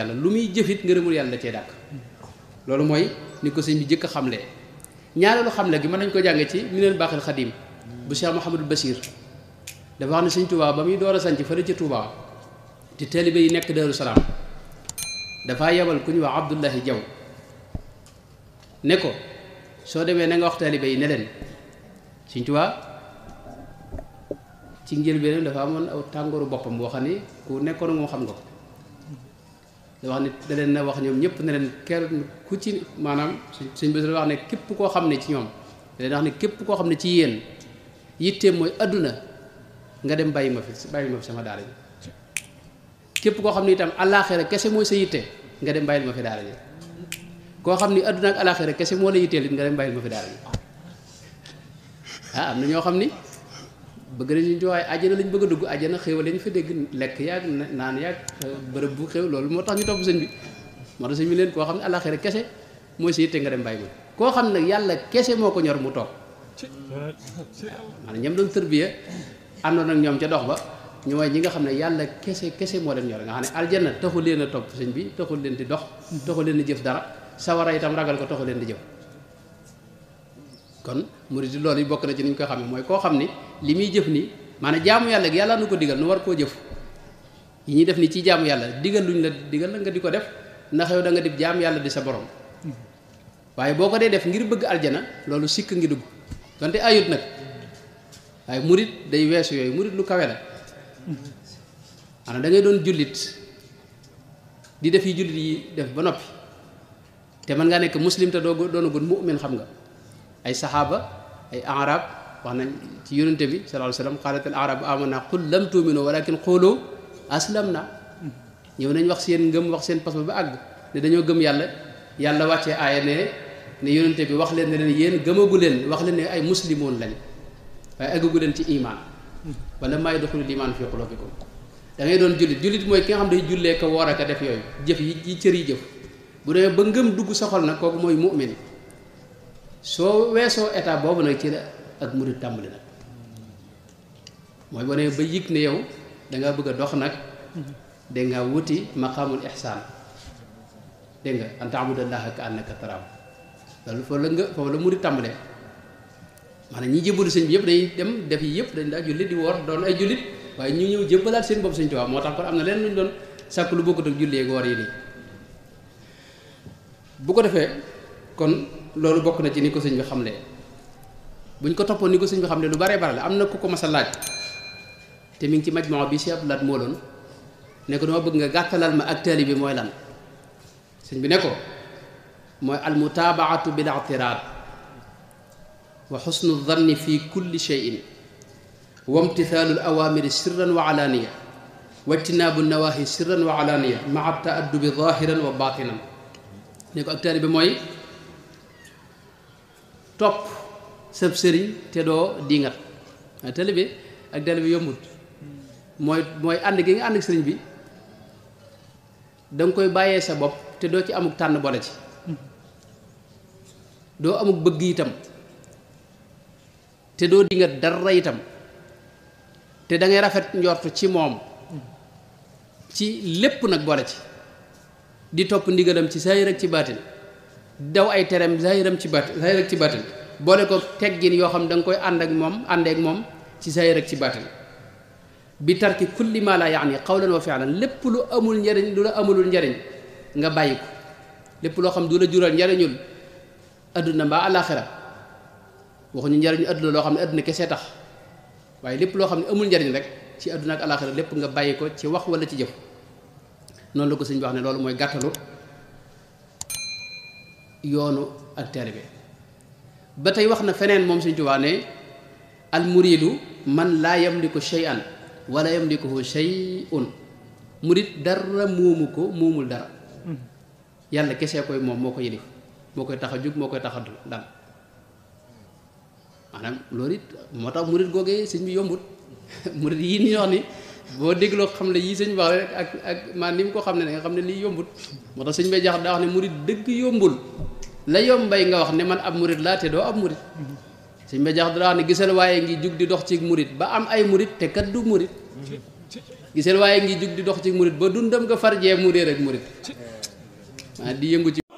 yàlla lu muy jëfit ngërëmul yàlla da cee dàkk loolu mooy ni ko sëñ bi jëkk a xamlee ñaareelu xamle gi mën nañ ko jànge ci mineel baaxil xadim bu Cheikh Mouhamadul Bachir dafa wax ne sëñ Touba ba muy door a sanc fële ca Touba te taalibe yi nekk Daaru Salaam dafaa yebal ku ñu wax Abdullahi Jaw ne ko soo demee na nga wax taalibe yi ne leen sëñ Touba ci njëlbéenam dafa amoon aw tàngooru boppam boo xam ne ku nekkoon moom xam nga ko da wax da leen na wax ñoom ñëpp ne leen kenn ku ci maanaam suñ bés wax ne képp koo xam ne ci ñoom da wax ne képp koo xam ne ci yéen yitteem mooy adduna nga dem bàyyi ma fi bàyyi sama daara képp koo xam ne itam àllaaxira kese mooy sa yitte nga dem bàyyil ma fi daara ji koo xam ne adduna ak àllaaxira kese moo la yitteel it nga dem bàyyil ma fi daara ji ah am na ñoo xam ni bëgg nañu ñu waaye àjjana lañ bëgg a dugg àjjana xéewal lañ fa dégg lekk yaag naan yaag bërëb bu xéew loolu moo tax ñu topp sëñ bi moo tax sëñ bi leen koo xam ne àlaxira kese mooy si yitte nga dem koo xam nag yàlla kese moo ko ñor mu toog maanaam ñoom doon tërbiya àndoon ak ñoom ca dox ba ñu mooy ñi nga xam ne yàlla kese kese moo leen ñor nga xam ne aljanna taxul a topp sëñ bi taxul leen di dox taxul leen di jëf dara sawara itam ragal ko toxu leen di jëf kon murid loolu bokk na ci niñ ko xamee moy ko xamni limi jëf ni mané jaamu yalla ak yalla nuko digal nu war ko jëf yi ñi def ni ci jaamu yalla digal luñ la digal nga diko def nax yow da nga dib jaamu yalla di sa borom waye boko dé def ngir bëgg aljana loolu sik ngi dugg donte ayut nak waye mouride day weesu yoy mouride lu kawé la ana da ngay doon julit di def yi julit yi def ba nopi té man nga nek muslim te doo doonagut mu'min xam nga ay saxaaba ay arab wax nañ ci yonente bi sallallahu alayhi wasallam qaalat al arabu amanna qul lam tu'minu walakin qulu na ñëw nañ wax seen ngëm wax seen pas-pas ba àgg ne dañoo gëm yàlla yàlla wàccee aaya ne ne yonente bi wax leen ne leen yéen gëmagu leen wax leen ne ay muslimoon lañ waaye àggagu leen ci iman wala maa yadxulul iman fi qulubikum da ngay doon jullit jullit mooy ki nga xam day jullee ko woor ak a def yooyu jëf yi yi cër yi jëf bu demee ba ngëm dugg soxal na kooku mooy mu'min soo weesoo état boobu nag ci la ak murid tàmbali nag mooy boo nee ba yëg ne yow dangaa bëgg a dox nag dégg nga wuti maqaamul ihsaan dégg nga an taabudallaha ka annaka taraam loolu foofu la nga foofu la murid tàmbalee maanaam ñi jébbalu sëñ bi yëpp day dem def yi yëpp dañ daa jullit di woor doon ay jullit waaye ñu ñëw jébbalaat seen bopp sëñ Tuubaa moo tax kon am na leen luñ doon sàkk lu bokkut ak julli ak woor yi nii bu ko defee kon loolu bokk na ci ni ko sëñ bi xamlee buñ ko toppoon ni ko sëñ bi xamlee lu bare bare la am na ku ko mas a laaj te mi ngi ci majmaa bi Cheikh lat moo doon ne ko dama bëgg nga gàttalal ma ak taalibe bi mooy lan sëñ bi ne ko mooy al mutabaatu bil i'tiraad wa xusnu dhanni fi kulli shay'in wa imtithaalu al awaamiri sirran wa alaaniya wa ijtinaabu nawaahi sirran wa alaaniya maa taaddubi zaahiran wa baatinan ne ko ak taalibe bi mooy top sab sëriñ te do dingat tali bi ak dali bi yombut moy mooy ànd gi nga and ak bi dang koy baye sa bop te do ci amuk tan bolé ci do amuk bëgg itam te doo dinga dara itam te da ngay rafet ndortu ci mom ci lepp nak bolé ci di top ndigalam ci say rek ci batine daw ay teram zahiram ci bat zahir ak ci batin boole ko teggin yoo xam da nga koy ànd ak moom àndeek moom ci zahir ak ci batin bi tarki kulli ma la yaani xaw wa fi'lan lépp lu amul njariñ lu la njariñ nga bàyyi lépp loo xam du la jural njariñul adduna mbaa àllaaxira waxuñu njariñu adduna loo xam ne adduna kese tax waaye lépp loo xam ne amul njariñ rek ci adduna ak àllaaxira lépp nga bàyyi ko ci wax wala ci jëf noonu la ko sëñ wax ne loolu mooy gàttalu yoonu ak taalibe ba tey wax na feneen moom Sëñ Tuubaa ne al muridu man laa di yamliku shay'an wala yamlikuhu shay'un murid dara moomu ko moomul dara yàlla kese koy moom moo ko yëlif moo koy tax a jóg moo koy tax a dal maanaam loolu it moo tax murid googee sëñ bi yombut murid yi ni wax ni boo dégloo xam ne yii sëñ wax rek ak ak maa ni mu ko xam ne nga xam ne lii yombut moo tax sëñ bay jax daa wax ne murid dëgg yombul la yombay nga wax ne man ab murit laa te doo ab murit sëñ ba jax dara wax ne gisal waaye ngi jug di dox ci murit ba am ay murit te kat du murit gisal waaye ngi jug di dox ci murit ba dundam nga farjee mu réer ak murit di yëngu ci